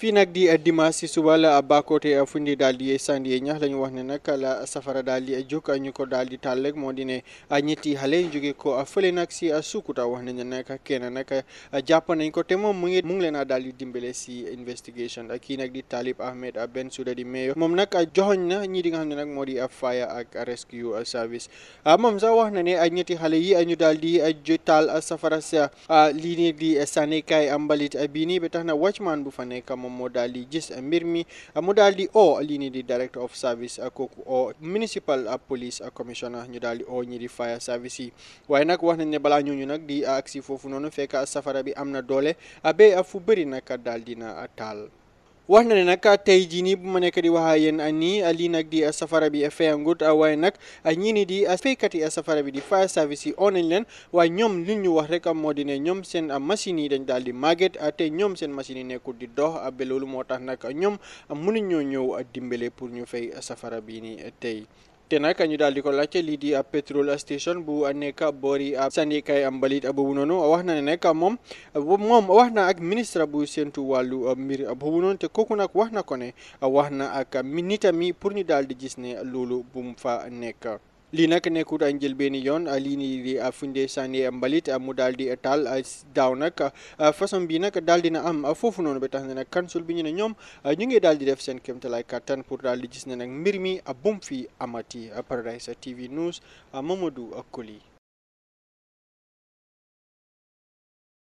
fii nag di eh, dimanche si suba la Bakoteh fu ñu daal di sandi ñax la ñu wax ne nag la safara daal di jóg eh, ñu ko daal di taal rek moo di ne eh, ñetti xale jóge ko fële nag si Sukuta wax nañ ne nag kenn nag jàpp nañ ko te moom mu ngi mu ngi leen a daal di dimbale si investigation kii nag di Talib Ahmed benn Souda di mayor moom nag joxoñ na ñii di nga xam nag moo di fire ak rescue service moom sa wax na ne ñetti xale yi ñu daal di ju taal safara sa lii nii di sànnikaay mbalit bii nii ba tax na watchman bu fa nekk moo daal di gis mbir mi mu daal di o lii nii di director of service uh, kooku o municipal uh, police uh, commissioner ñu daal di o ñi di fire service yi waaye nag wax nañ ne balaa ñooñu nag di agsi foofu noonu fekk safara bi am na doole a a fu bari bëri nag daal dina taal wax na ne nag tey jii nii bu ma nekk di wax ak yéen ah, nii ah, lii nag di ah, safara bi fayangut waaye nag ñii ni di faykat yi safara bi di fire service yi oo nañ leen waaye ñoom lu ñu wax am moo di ne ñoom seen machines yi dañ daal di màgget te ñoom seen machines yi nekkul di dox ba loolu moo tax nag ñoom mënuñoo ñëw dimbale pour ñu fay safara bi nii tey. te nag ñu daal di ko laajte lii di ab pétrole station bu nekk boori ab sandikaay am mbalit boobu noonu wax na ne moom moom wax na ak ministre bu séntu wàllu mbir boobu noonu te kooku nag wax na ko ne wax na ak nitami pour ñu daal di gis ne loolu bu fa nekk. lii nag nekkul njëlbéen yoon a lii nii di ah, funde sànni mbalit ah, mu daal di taal ah, daaw nag façon bi nag daal na am foofu noonu be tax na nag kansul bi ñu ne ñoom ñu ngi daal di def seen kéemtalaay kattan pour daal di gis ne nag mbir mi bum fi amati Paradise TV News Mamadou Koli.